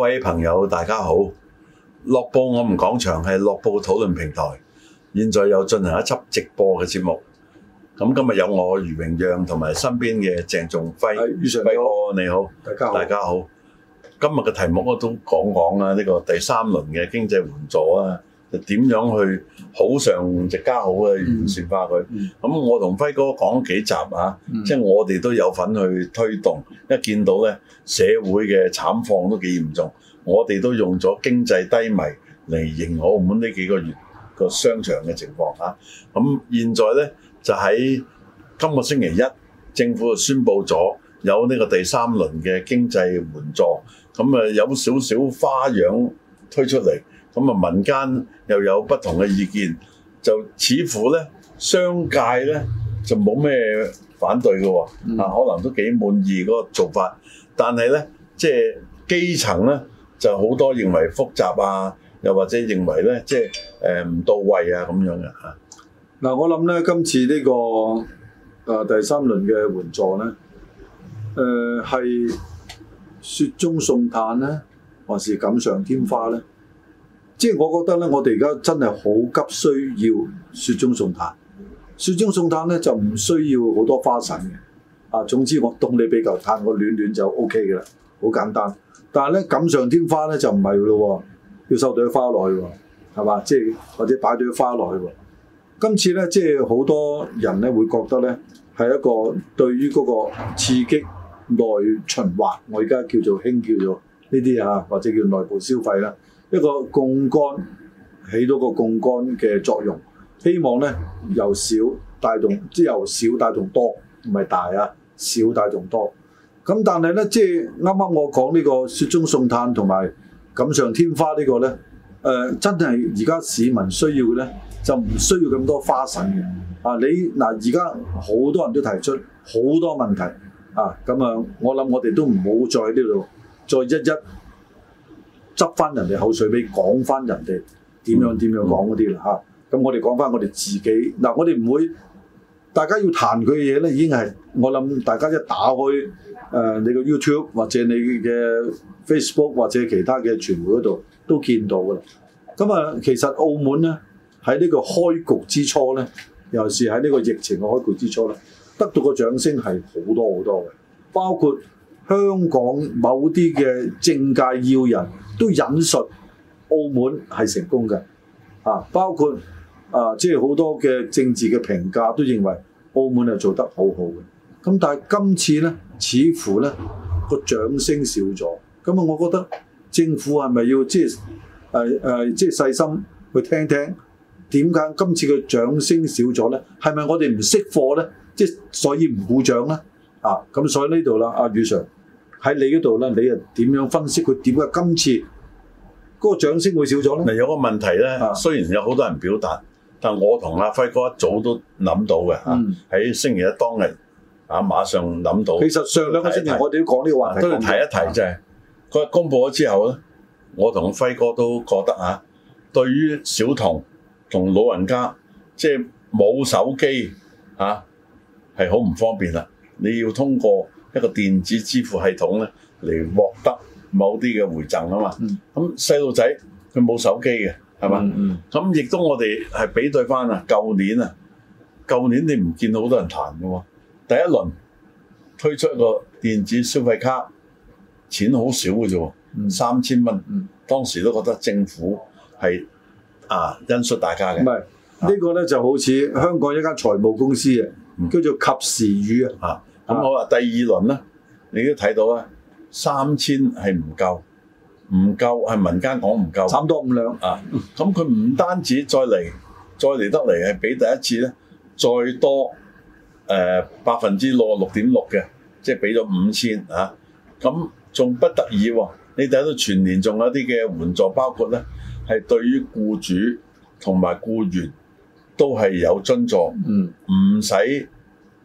各位朋友，大家好。樂報我們講場，係樂報討論平台。現在又進行一輯直播嘅節目。咁今日有我余榮讓同埋身邊嘅鄭仲輝，仲輝哥你好。大家好。大家好。今日嘅題目我都講講啊，呢個第三輪嘅經濟援助啊。點點樣去好上直加好嘅完善化佢？咁、嗯嗯、我同輝哥講幾集啊，嗯、即係我哋都有份去推動。一見到呢社會嘅慘況都幾嚴重，我哋都用咗經濟低迷嚟形容澳門呢幾個月個商場嘅情況啊。咁現在呢，就喺今個星期一，政府就宣布咗有呢個第三輪嘅經濟援助，咁啊有少少花樣推出嚟。咁啊，民間又有不同嘅意見，就似乎咧商界咧就冇咩反對嘅喎、嗯，啊可能都幾滿意嗰個做法，但係咧即係基層咧就好多認為複雜啊，又或者認為咧即係誒唔到位啊咁樣嘅嚇。嗱、嗯，我諗咧今次呢、呢個、呃、第三輪嘅援助咧，誒、呃、係雪中送炭咧，還是錦上添花咧？即係我覺得咧，我哋而家真係好急需要雪中送炭。雪中送炭咧就唔需要好多花神嘅。啊，總之我凍你俾嚿炭，我暖暖就 OK 嘅啦，好簡單。但係咧，錦上添花咧就唔係咯，要收朵花落去喎，係嘛？即係或者擺朵花落去。今次咧，即係好多人咧會覺得咧係一個對於嗰個刺激內循環，我而家叫做興叫做呢啲啊，或者叫內部消費啦。一個槓桿起到個槓桿嘅作用，希望咧由少帶動，即係由少帶動多，唔係大啊，少帶動多。咁但係咧，即係啱啱我講呢個雪中送炭同埋錦上添花個呢個咧，誒、呃、真係而家市民需要嘅咧，就唔需要咁多花神嘅。啊，你嗱而家好多人都提出好多問題，啊咁啊，我諗我哋都唔好再喺呢度再一一。執翻人哋口水尾，講翻人哋點樣點樣講嗰啲啦嚇。咁、嗯嗯啊、我哋講翻我哋自己嗱、啊，我哋唔會大家要談佢嘅嘢咧，已經係我諗大家一打開誒、呃、你嘅 YouTube 或者你嘅 Facebook 或者其他嘅傳媒嗰度都見到㗎啦。咁啊，其實澳門咧喺呢個開局之初咧，尤其是喺呢個疫情嘅開局之初咧，得到個掌聲係好多好多嘅，包括香港某啲嘅政界要人。都引述澳門係成功嘅，啊，包括啊，即係好多嘅政治嘅評價都認為澳門係做得好好嘅。咁但係今次呢，似乎呢個掌聲少咗。咁啊，我覺得政府係咪要即係誒誒，即係、呃、細心去聽聽點解今次嘅掌聲少咗呢？係咪我哋唔識貨呢？即係所以唔鼓掌呢？啊，咁所以呢度啦，阿宇 Sir。喺你嗰度咧，你又點樣分析佢點解今次嗰個掌聲會少咗咧？嗱，有個問題咧，雖然有好多人表達，但我同阿輝哥一早都諗到嘅嚇。喺、嗯、星期一當日啊，馬上諗到。其實上兩個星期我哋都講呢個話題，都要提一提就啫、是。佢、啊、公佈咗之後咧，我同輝哥都覺得嚇、啊，對於小童同老人家即係冇手機嚇係好唔方便啦。你要通過。一個電子支付系統咧，嚟獲得某啲嘅回贈啊嘛。咁細路仔佢冇手機嘅，係嘛？咁、嗯、亦、嗯、都我哋係比對翻啊，舊年啊，舊年你唔見到好多人彈㗎喎。第一輪推出一個電子消費卡，錢好少嘅啫、嗯，三千蚊、嗯。當時都覺得政府係啊恩恤大家嘅。唔、啊這個、呢個咧就好似香港一間財務公司嘅、嗯，叫做及時雨啊。咁好啦，第二輪咧，你都睇到啊，三千係唔夠，唔夠係民間講唔夠，差多五兩啊！咁佢唔單止再嚟，再嚟得嚟係比第一次咧，再多誒百分之六六點六嘅，即係俾咗五千啊！咁仲不得已喎，啊，你睇到全年仲有啲嘅援助，包括咧係對於雇主同埋雇員都係有津助，嗯，唔使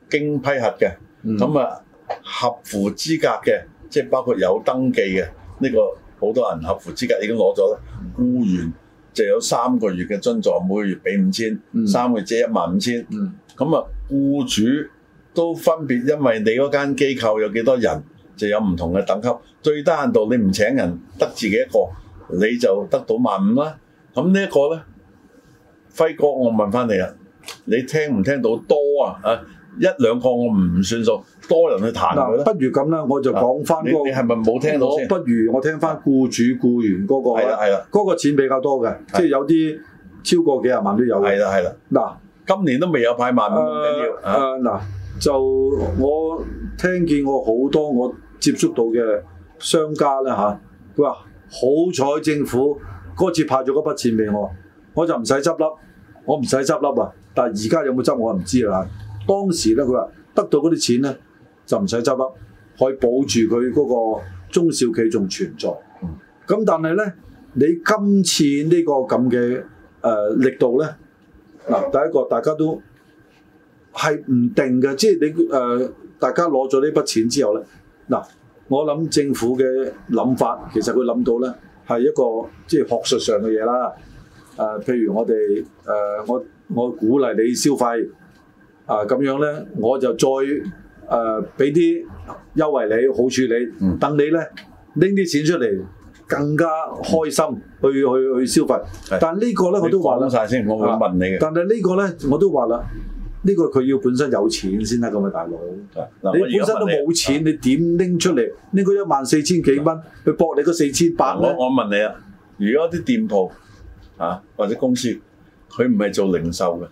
經批核嘅。咁、嗯、啊，合乎資格嘅，即係包括有登記嘅呢個好多人合乎資格已經攞咗啦。僱員就有三個月嘅津助，每個月俾五千，三個月借一萬五千。咁、嗯、啊，僱主都分別因為你嗰間機構有幾多人，就有唔同嘅等級。最低限度你唔請人，得自己一個，你就得到萬五啦。咁呢一個咧，輝哥，我問翻你啊，你聽唔聽到多啊？啊！一兩個我唔算數，多人去談佢咧。不如咁啦，我就講翻嗰個。你你係咪冇聽到？不如我聽翻僱主僱員嗰個、啊。係啦係啦，嗰、嗰個錢比較多嘅，即係有啲超過幾廿萬都有。係啦係啦。嗱，今年都未有派萬唔緊要。誒、呃、嗱、呃啊呃，就我聽見過好多我接觸到嘅商家咧嚇，佢、啊、話好彩政府嗰次派咗嗰筆錢俾我，我就唔使執笠，我唔使執笠啊。但係而家有冇執我唔知啊。當時咧，佢話得到嗰啲錢咧就唔使執笠，可以保住佢嗰個中小企仲存在。咁但係咧，你今次呢個咁嘅誒力度咧，嗱，第一個大家都係唔定嘅，即係你誒、呃、大家攞咗呢筆錢之後咧，嗱，我諗政府嘅諗法其實佢諗到咧係一個即係學術上嘅嘢啦。誒、呃，譬如我哋誒、呃、我我鼓勵你消費。啊咁樣咧，我就再誒俾啲優惠你，好處理。嗯、等你咧拎啲錢出嚟更加開心去去去消費。嗯、但係呢個咧我都話咗晒先，我會問你嘅。但係呢個咧我都話啦，呢、呢個佢要本身有錢先得咁嘅大佬、啊。你本身都冇錢，啊、你點拎出嚟拎個一萬四千幾蚊、啊、去搏你嗰四千八咧、啊？我問你啊，如果啲店鋪啊或者公司佢唔係做零售嘅？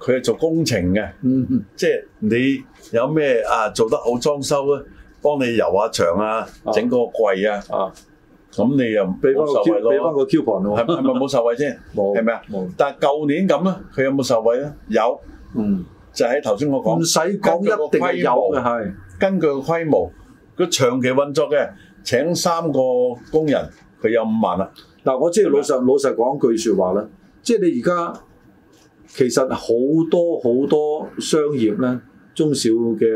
佢係做工程嘅、嗯，即係你有咩啊做得好裝修咧，幫你油下牆啊，整個櫃啊，咁、啊啊、你又唔俾翻受惠俾翻個 coupon 咯？係咪冇受惠先？冇、嗯，係咪啊？冇、嗯。但係舊年咁咧，佢有冇受惠咧？有，嗯，就喺頭先我講。唔使講一定有嘅係，根據個規模，佢長期運作嘅，請三個工人，佢有五萬啦。嗱，我知係老實老實講句說話啦，即係你而家。其實好多好多商業咧，中小嘅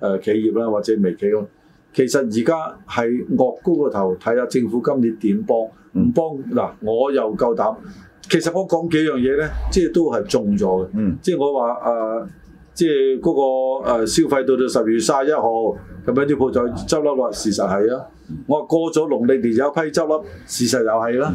誒企業啦，或者微企咁，其實而家係惡高個頭睇下政府今年點幫，唔幫嗱、啊、我又夠膽。其實我講幾樣嘢咧，即係都係中咗嘅、嗯。即係我話誒、啊，即係嗰個消費到到十月卅一號，咁樣啲鋪就執笠落，事實係啊、嗯。我話過咗農曆年有一批執笠，事實又係啦。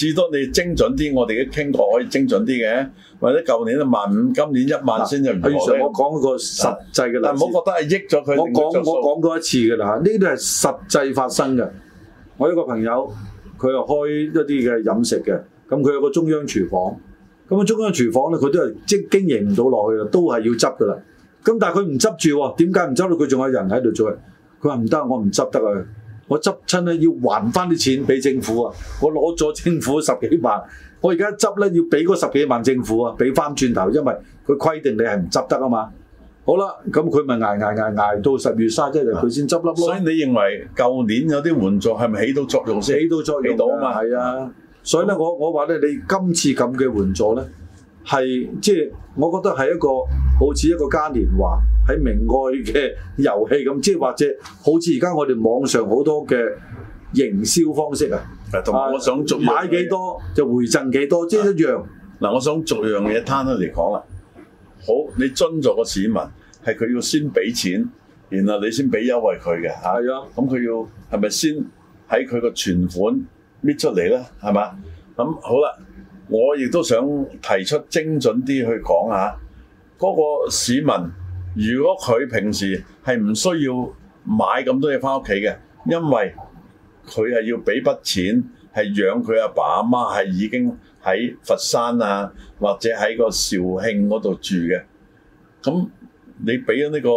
至多你精準啲，我哋嘅傾過可以精準啲嘅，或者舊年一萬五，今年一萬先就唔何，我講個實際嘅例子，但唔好覺得係益咗佢。我講我講過一次嘅啦，呢啲係實際發生嘅。我有個朋友，佢又開一啲嘅飲食嘅，咁佢有個中央廚房，咁啊中央廚房咧，佢都係即經營唔到落去啦，都係要執嘅啦。咁但係佢唔執住，點解唔執到？佢仲有人喺度做？佢話唔得，我唔執得啊。我執親咧要還翻啲錢俾政府啊！我攞咗政府十幾萬，我而家執咧要俾嗰十幾萬政府啊！俾翻轉頭，因為佢規定你係唔執得啊嘛。好啦，咁佢咪捱捱捱捱到十月卅一，即係佢先執笠。咯、啊。所以你認為舊年有啲援助係咪起到作用先？起到作用，起到啊嘛，係啊。所以咧，我我話咧，你今次咁嘅援助咧，係即係我覺得係一個好似一個嘉年華。喺明外嘅遊戲咁，即係或者好似而家我哋網上好多嘅營銷方式啊，同埋我想做買幾多就回贈幾多，啊，即係一樣。嗱、啊啊，我想做樣嘢攤開嚟講啦。好，你遵從個市民係佢要先俾錢，然後你先俾優惠佢嘅嚇。係啊，咁佢、啊啊、要係咪先喺佢個存款搣出嚟咧？係嘛？咁、啊、好啦，我亦都想提出精準啲去講下嗰，那個市民。如果佢平時係唔需要買咁多嘢翻屋企嘅，因為佢係要俾筆錢係養佢阿爸阿媽，係已經喺佛山啊或者喺個肇慶嗰度住嘅。咁你俾咗呢個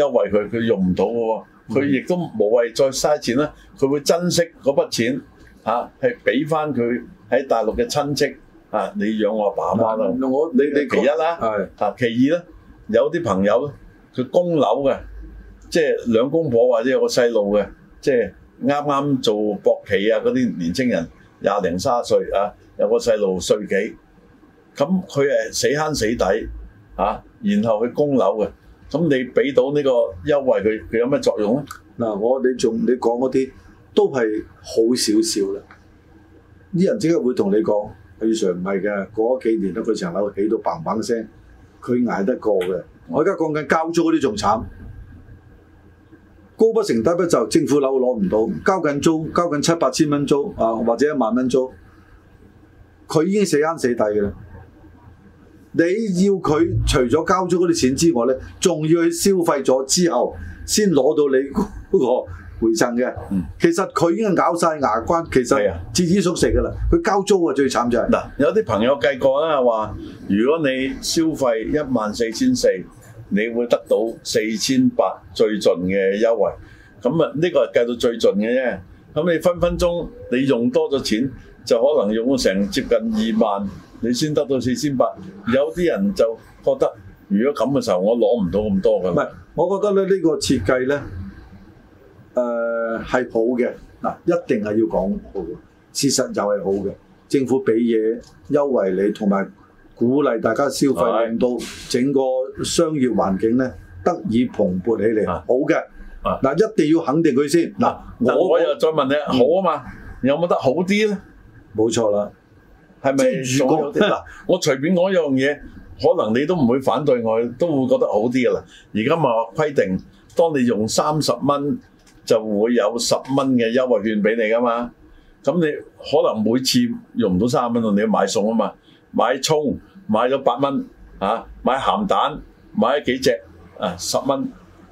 優惠佢，佢用唔到嘅喎，佢亦都冇謂再嘥錢啦。佢會珍惜嗰筆錢嚇，係俾翻佢喺大陸嘅親戚啊，你養我阿爸阿媽咯。我你你其一啦，係啊，其二咧。有啲朋友佢供樓嘅，即係兩公婆或者有個細路嘅，即係啱啱做博企啊嗰啲年青人，廿零卅歲啊，有個細路歲幾，咁佢係死慳死抵嚇、啊，然後佢供樓嘅，咁你俾到呢個優惠佢，佢有咩作用咧？嗱，我你仲你講嗰啲都係好少少啦，啲人即刻會同你講，佢常唔係嘅，過咗幾年咧，佢層樓起到砰砰聲。佢捱得過嘅，我而家講緊交租嗰啲仲慘，高不成低不就，政府樓攞唔到，交緊租，交緊七八千蚊租啊，或者一萬蚊租，佢已經死慳死抵嘅啦。你要佢除咗交租嗰啲錢之外咧，仲要去消費咗之後先攞到你嗰個。回贈嘅，其實佢已經咬晒牙關，其實節衣縮食噶啦。佢、啊、交租啊，最慘就係、是、嗱，有啲朋友計過咧，話如果你消費一萬四千四，你會得到四千八最盡嘅優惠。咁啊，呢個係計到最盡嘅啫。咁你分分鐘你用多咗錢，就可能用咗成接近二萬，你先得到四千八。有啲人就覺得，如果咁嘅時候，我攞唔到咁多噶。唔係，我覺得咧呢、呢個設計咧。誒、uh, 係好嘅，嗱，一定係要講好嘅。事實就係好嘅，政府俾嘢優惠你，同埋鼓勵大家消費，令到整個商業環境咧得以蓬勃起嚟。好嘅，嗱、啊啊、一定要肯定佢先。嗱、啊，我，我又再問你，好啊嘛，有冇得好啲咧？冇錯啦，係咪？如果嗱， 我隨便講一樣嘢，可能你都唔會反對我，我都會覺得好啲噶啦。而家咪話規定，當你用三十蚊。就會有十蚊嘅優惠券俾你噶嘛，咁你可能每次用唔到三十蚊，你要買餸啊嘛，買葱買咗八蚊啊買鹹蛋買咗幾隻啊十蚊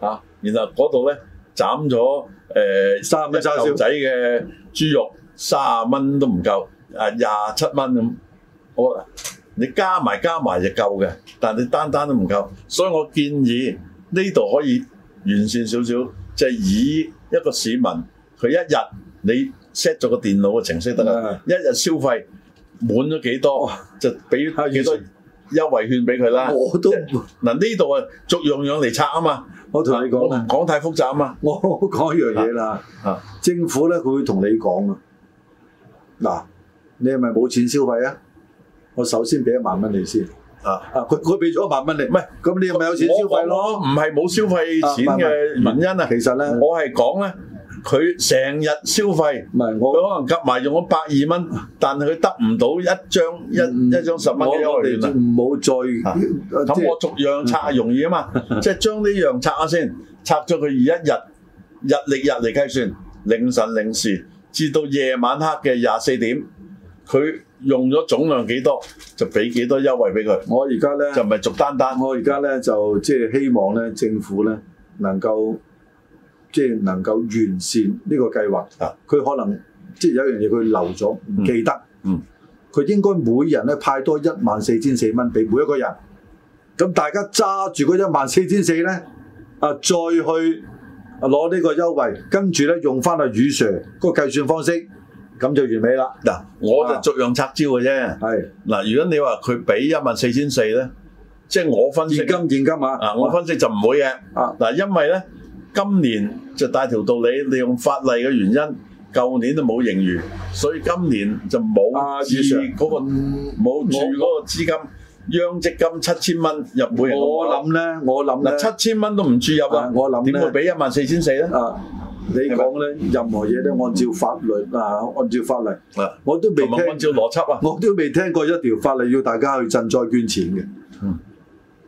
啊然後嗰度咧斬咗誒三蚊叉燒仔嘅豬肉，卅蚊都唔夠啊廿七蚊咁，你加埋加埋就夠嘅，但你單單都唔夠，所以我建議呢度可以完善少少，即係、以。一個市民，佢一日你 set 咗個電腦嘅程式得啦、嗯，一日消費滿咗幾多、哦，就俾幾多優惠券俾佢啦。我都嗱呢度啊，逐樣樣嚟拆啊嘛。我同你講，講太複雜啊嘛。我講一樣嘢啦，啊，政府咧佢會同你講啊。嗱，你係咪冇錢消費啊？我首先俾一萬蚊你先。啊！佢佢俾咗一百蚊你，唔係咁你咪有錢消費咯。唔係冇消費錢嘅原因啊，其實咧，我係講咧，佢成日消費，唔係佢可能夾埋用咗百二蚊，但係佢得唔到一張一一張十蚊嘅優惠券。唔好再，咁我逐樣拆容易啊嘛，即係將呢樣拆下先，拆咗佢而一日日曆日嚟計算，凌晨零時至到夜晚黑嘅廿四點，佢。用咗總量幾多，就俾幾多優惠俾佢。我而家咧就唔係逐單單。我而家咧就即係希望咧政府咧能夠，即係能夠完善呢個計劃。啊，佢可能即係有一樣嘢佢漏咗，唔記得。嗯，佢應該每人咧派多一萬四千四蚊俾每一個人。咁大家揸住嗰一萬四千四咧，啊，再去攞呢個優惠，跟住咧用翻阿雨 Sir 嗰個計算方式。咁就完美啦！嗱、啊，我就逐樣拆招嘅啫。係、啊、嗱，如果你話佢俾一萬四千四咧，即係我分析現金現金啊，啊！我分析就唔會嘅。啊嗱，因為咧今年就帶條道理，利用法例嘅原因，舊年都冇盈餘，所以今年就冇。啊，以上嗰個冇注嗰個資金，央積金七千蚊入每人。我諗咧，我諗咧，七千蚊都唔注入啊！我諗咧，點會俾一萬四千四咧？啊！你講咧，任何嘢都按照法律啊，按照法例啊、嗯嗯，我都未聽按照邏輯啊，我都未聽過一條法例要大家去賑災捐錢嘅，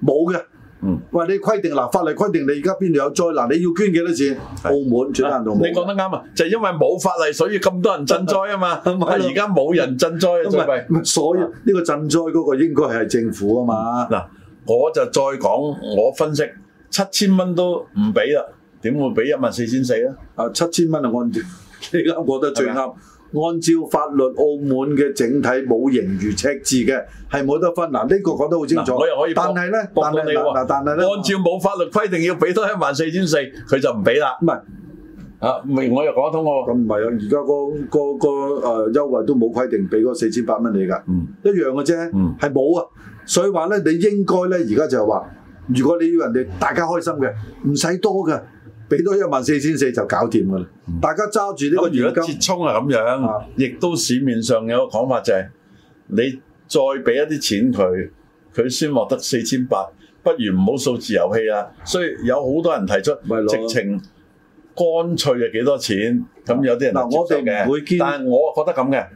冇、嗯、嘅，嗯，喂，你規定嗱，法例規定你而家邊度有災難，嗱你要捐幾多錢？澳門全行路冇。你講得啱啊，就係、因為冇法例，所以咁多人賑災啊嘛，而家冇人賑災啊，嗯、所以呢個賑災嗰個應該係政府啊嘛。嗱、啊，我就再講我分析，七千蚊都唔俾啦。點會俾一萬四千四咧？啊，七千蚊啊！按照你啱，覺得最啱。按照法律，澳門嘅整體冇盈餘赤字嘅，係冇得分。嗱、啊，呢、這個講得好清楚、啊。我又可以，但係咧，但係嗱、啊啊，但係咧，按照冇法律規定要俾多一萬四千四，佢就唔俾啦。唔係啊，明我又講得通喎。咁唔係啊，而、啊、家、嗯那個、那個個誒、呃、優惠都冇規定俾嗰四千八蚊你㗎，一樣嘅啫，係冇啊。所以話咧，你應該咧，而家就係話，如果你要人哋大家開心嘅，唔使多嘅。俾多一萬四千四就搞掂噶啦！大家揸住呢個如果折衷係咁樣，亦、啊、都市面上有個講法就係、是，你再俾一啲錢佢，佢先獲得四千八，不如唔好數字遊戲啦。所以有好多人提出，直情乾脆係幾多錢？咁有啲人接觸嘅、啊，但係我覺得咁嘅，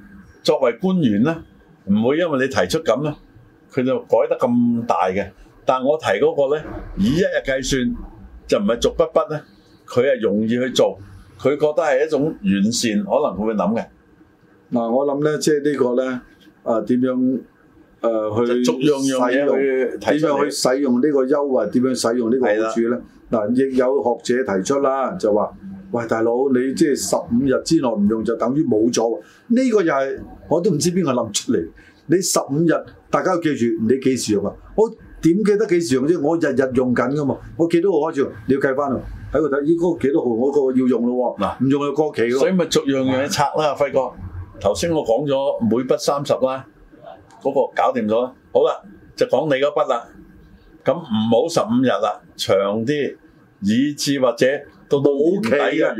作為官員咧，唔會因為你提出咁咧，佢就改得咁大嘅。但我提嗰個咧，以一日計算就唔係逐筆筆咧。佢係容易去做，佢覺得係一種完善，可能會諗嘅。嗱，我諗咧，即係呢個咧，啊點樣誒去使用？點樣去使用呢個優惠？點樣使用呢個好處咧？嗱，亦有學者提出啦，就話：喂，大佬，你即係十五日之內唔用就等於冇咗。呢個又係我都唔知邊個諗出嚟。你十五日，大家要記住，你幾時用啊？我點記得幾時用啫？我日日用緊噶嘛，我記得我開始，你要計翻喎。喺度睇，咦？嗰個幾多號？嗰、嗰個要用咯喎，嗱、啊、唔用就過期喎。所以咪逐樣樣拆啦，輝、啊、哥。頭、啊、先、啊啊、我講咗每筆三十啦，嗰個搞掂咗。好啦，就講你嗰筆啦。咁唔好十五日啦，長啲，以至或者到到過期啊。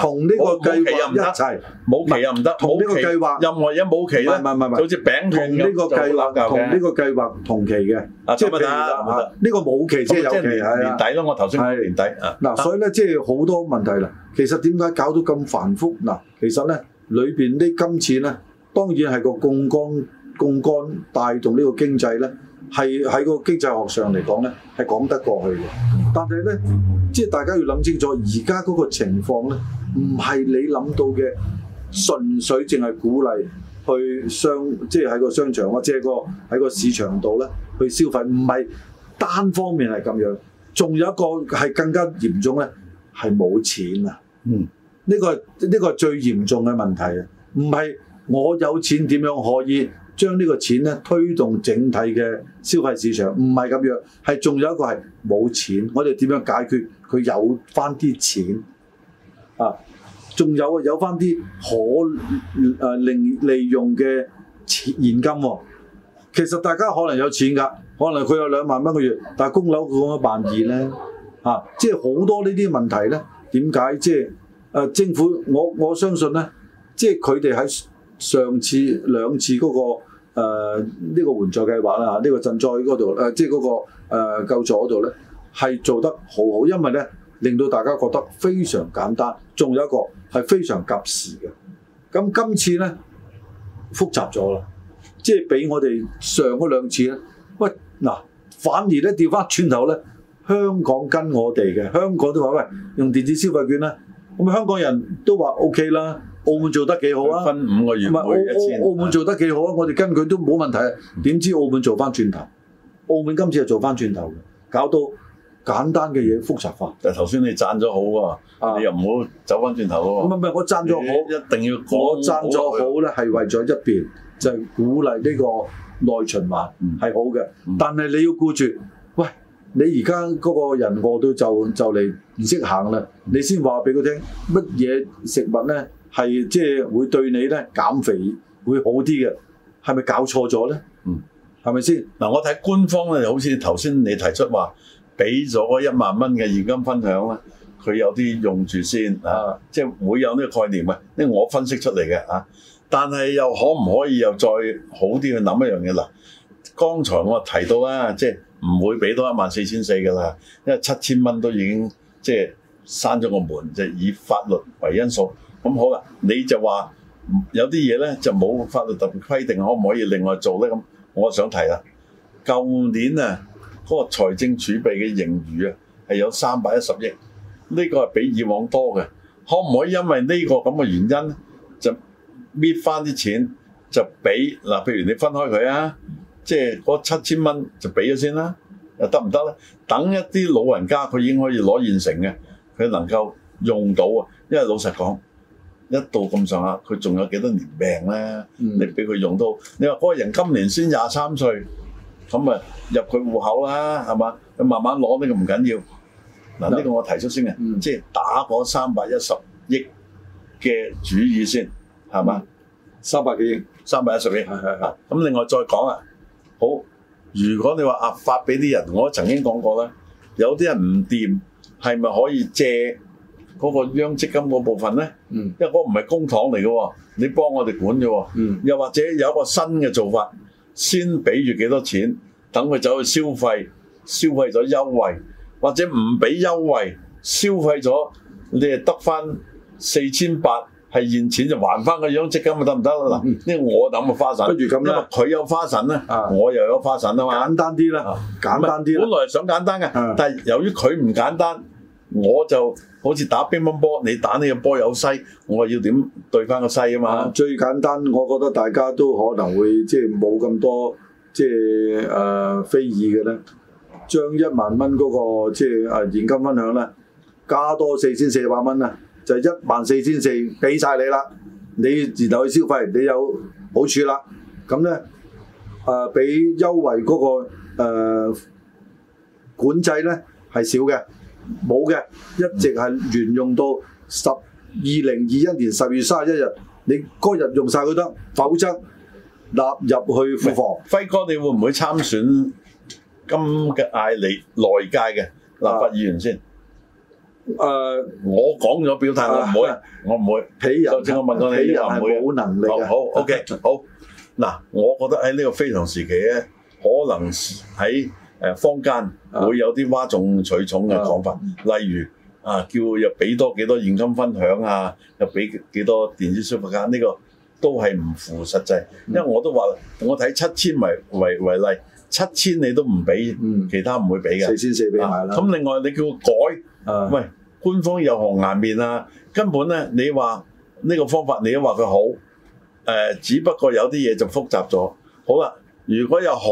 同呢個計劃一齊冇、啊、期又唔得，呢個計劃任何嘢冇期咧，唔係唔係唔係，好似餅同呢個計劃同呢個,個計劃同期嘅、啊，即係問題啦，呢、啊啊啊呢個冇期即係有期，年底咯，我頭先係年底，嗱、啊啊，所以咧即係好多問題啦。其實點解搞到咁繁複嗱、啊？其實咧裏邊啲金錢咧，當然係個槓桿槓桿帶動呢個經濟咧，係喺個經濟學上嚟講咧係講得過去嘅。但係咧，即係大家要諗清楚，而家嗰個情況咧。唔係你諗到嘅純粹，淨係鼓勵去商，即係喺個商場或者個喺個市場度咧去消費，唔係單方面係咁樣。仲有一個係更加嚴重咧，係冇錢啊！嗯，呢個呢個係最嚴重嘅問題啊！唔係我有錢點樣可以將呢個錢咧推動整體嘅消費市場，唔係咁樣，係仲有一個係冇錢。我哋點樣解決佢有返啲錢？啊，仲有啊，有返啲可誒利利用嘅現金喎。其實大家可能有錢㗎，可能佢有兩萬蚊個月，但係供樓佢冇得萬二咧。啊，即係好多呢啲問題咧，點解即係誒、啊、政府？我我相信咧，即係佢哋喺上次兩次嗰、嗰個呢、呃呢個援助計劃啦，呢、呢個賑災嗰度誒，即係嗰、嗰個救助嗰度咧，係、呃、做得好好，因為咧。令到大家覺得非常簡單，仲有一個係非常及時嘅。咁今次呢，複雜咗啦，即係比我哋上嗰兩次呢，喂，嗱，反而咧調翻轉頭呢，香港跟我哋嘅香港都話喂，用電子消費券呢，咁香港人都話 O K 啦，澳門做得幾好啊，分五個月每一千，澳門做得幾好啊，我哋跟佢都冇問題。點知澳門做翻轉頭，澳門今次係做翻轉頭，搞到～簡單嘅嘢複雜化，但係頭先你讚咗好啊，啊，你又唔好走翻轉頭啊，唔係唔係，我讚咗好，一定要講，我讚咗好咧，係為咗一邊、嗯、就係、是、鼓勵呢個內循環係好嘅、嗯，但係你要顧住喂，你而家嗰個人餓到就就嚟唔識行啦，你先話俾佢聽乜嘢食物咧係即係會對你咧減肥會好啲嘅，係咪搞錯咗咧？嗯，係咪先嗱？我睇官方咧，好似頭先你提出話。俾咗一萬蚊嘅現金分享啦，佢有啲用住先啊，即係會有呢個概念啊，因為我分析出嚟嘅啊，但係又可唔可以又再好啲去諗一樣嘢嗱？剛才我提到啦，即係唔會俾多一萬四千四㗎啦，因為七千蚊都已經即係閂咗個門，即係以法律為因素。咁好啦，你就話有啲嘢咧就冇法律特別規定，可唔可以另外做咧？咁我想提啦，舊年啊。嗰個財政儲備嘅盈餘啊，係有三百一十億，呢個係比以往多嘅。可唔可以因為呢個咁嘅原因，就搣翻啲錢就俾嗱？譬如你分開佢啊，即係嗰七千蚊就俾咗先啦，又得唔得咧？等一啲老人家佢已經可以攞現成嘅，佢能夠用到啊。因為老實講，一到咁上下，佢仲有幾多年命咧？你俾佢用到，你話嗰個人今年先廿三歲。咁啊，入佢戶口啦，係嘛？慢慢攞呢、呢個唔緊要。嗱，呢個我提出先嘅，即、mm. 係打嗰、mm. 三百一十億嘅主意先，係嘛？三百幾億？三百一十億？係係係。咁另外再講啊，好，如果你話發俾啲人，我曾經講過啦，有啲人唔掂，係咪可以借嗰個央積金嗰部分咧？嗯、mm.，因為唔係公帑嚟嘅喎，你幫我哋管嘅喎。嗯、mm.。又或者有一個新嘅做法。先俾住幾多錢，等佢走去消費，消費咗優惠，或者唔俾優惠，消費咗你係得翻四千八，係現錢就還翻個樣積金，咪得唔得啦？嗱、嗯，因為我諗嘅花神，嗯、因為佢有花神啦、嗯，我又有花神啊，簡單啲啦、嗯，簡單啲啦、嗯，本來想簡單嘅、嗯，但係由於佢唔簡單。我就好似打乒乓波，你打呢個波有勢，我又要點對翻個勢啊嘛？最簡單，我覺得大家都可能會即係冇咁多即係誒、呃、非議嘅咧。將一萬蚊嗰、那個即係誒、啊、現金分享咧，加多四千四百蚊啊，就一萬四千四俾晒你啦。你然後去消費，你有好處啦。咁咧，誒俾優惠嗰、那個、呃、管制咧係少嘅。冇嘅，一直係沿用到十二零二一年十月三十一日。你嗰日用晒佢得，否則納入去庫房。輝哥，你會唔會參選今嘅艾尼內界嘅立法議員先？誒、啊，uh, 我講咗表態，啊、我唔會，我唔會。鄙人正，我問過你，鄙人係冇能力。Oh, okay, 好，OK，好。嗱，我覺得喺呢個非常時期咧，可能喺。誒坊間會有啲嘩眾取寵嘅講法、啊，例如啊，叫又俾多幾多現金分享啊，又俾幾多電子消費卡呢個都係唔符實際，因為我都話，我睇七千為為為例，七千你都唔俾，其他唔會俾嘅。四千四俾啦。咁、啊、另外你叫佢改、啊，喂，官方有紅顏面啊，根本咧你話呢個方法，你都話佢好、呃，只不過有啲嘢就複雜咗。好啦，如果有好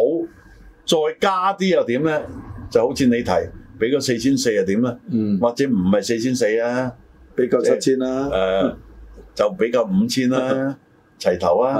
再加啲又點咧？就好似你提，俾個四千四又點咧、嗯？或者唔係四千四啊，俾夠七千啦，誒、呃嗯，就俾夠五千啦， 齊頭啊，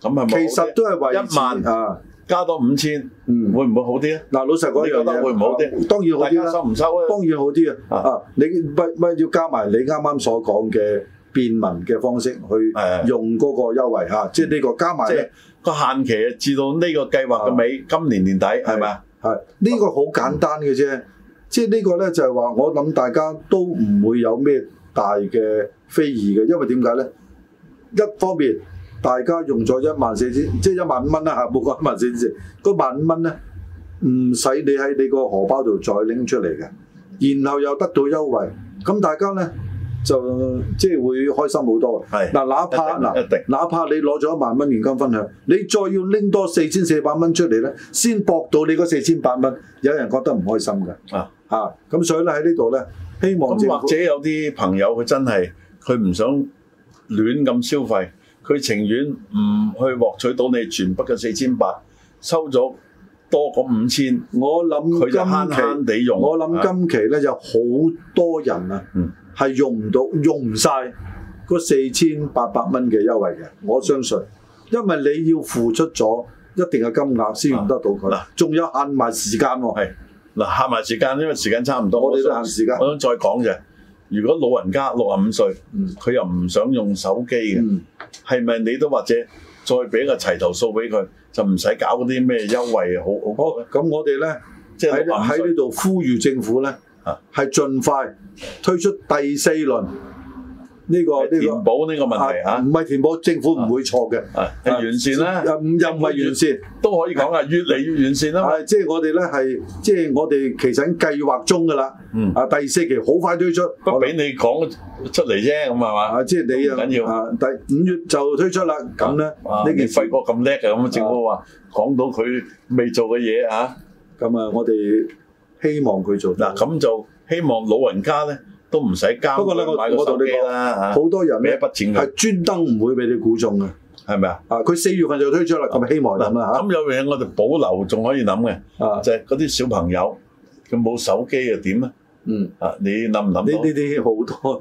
咁係咪其實都係為一萬啊，加多五千、嗯，會唔會好啲咧？嗱，老實講會唔會好啲？當然好啲啦。收唔收啊？當然好啲啊！啊，你不唔要加埋你啱啱所講嘅便民嘅方式去用嗰個優惠嚇，即係呢個加埋咧。啊就是個限期啊，至到呢個計劃嘅尾，啊，今年年底係咪啊？係呢，個好簡單嘅啫，即係呢個咧就係話，我諗大家都唔會有咩大嘅非議嘅，嗯，因為點解咧？一方面大家用咗一萬四千，即係一萬五蚊啦吓，冇講一萬四千，嗰萬五蚊咧唔使你喺你個荷包度再拎出嚟嘅，然後又得到優惠，咁大家咧。就即係會開心好多。係嗱，哪怕嗱，哪怕你攞咗一萬蚊現金分享，你再要拎多四千四百蚊出嚟咧，先博到你嗰四千八蚊，有人覺得唔開心㗎。啊啊！咁所以咧，喺呢度咧，希望或者有啲朋友佢真係佢唔想亂咁消費，佢情願唔去獲取到你全筆嘅四千八，收咗多過五千。我諗佢就慳慳哋用。我諗今期咧、啊、有好多人啊。嗯係用唔到，用唔晒個四千八百蚊嘅優惠嘅。我相信、嗯，因為你要付出咗一定嘅金額先用得到佢。嗱、啊，仲、啊、有限埋時間喎、啊。係，嗱，限埋時間，因為時間差唔多。我哋都限時間。我想，我想再講嘅，如果老人家六十五歲，佢、嗯、又唔想用手機嘅，係、嗯、咪你都或者再俾個齊頭數俾佢，就唔使搞嗰啲咩優惠，好好。咁我哋咧即係喺呢度、就是、呼籲政府咧。係盡快推出第四輪呢、呢個填補呢個問題吓，唔、啊、係填補政府唔會錯嘅，係、啊啊啊、完善啦、啊，又唔係完善都可以講啊，越嚟越完善啦。即、啊、係、即係、我哋咧係，即係、即係、我哋其實喺計劃中噶啦、嗯。啊第四期好快推出，不俾你講出嚟啫，咁係嘛？啊，即係、啊即係、你又啊緊要，啊，第五月就推出啦，咁、啊、咧呢件費國咁叻嘅，咁政府話講到佢未做嘅嘢啊，咁啊，啊，我哋。希望佢做嗱咁、啊、就希望老人家咧都唔使交買個手機啦嚇，好多人咩筆錢係專登唔會俾你估中嘅、啊，係咪啊？啊，佢四月份就推出啦，咁、啊啊、希望諗下。咁、啊、有樣嘢我哋保留仲可以諗嘅、啊，就係嗰啲小朋友佢冇手機又點呢？嗯，啊，你諗唔諗？呢呢啲好多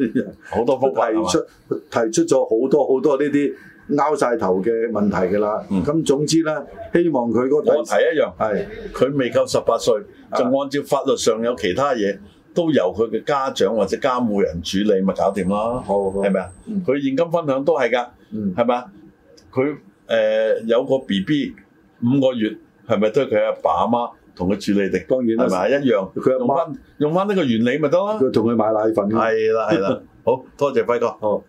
好多方法提出提出咗好多好多呢啲。拗晒頭嘅問題㗎啦，咁總之咧，希望佢嗰個問題一樣係佢未夠十八歲，就按照法律上有其他嘢都由佢嘅家長或者監護人處理，咪搞掂咯。好，好，係咪啊？佢、嗯、現金分享都係㗎，係、嗯、嘛？佢誒、呃、有個 BB 五個月，係咪都係佢阿爸阿媽同佢處理的？當然係咪？一樣。佢阿媽用翻用翻呢個原理咪得咯？佢同佢買奶粉、啊。係啦係啦， 好多謝輝哥。好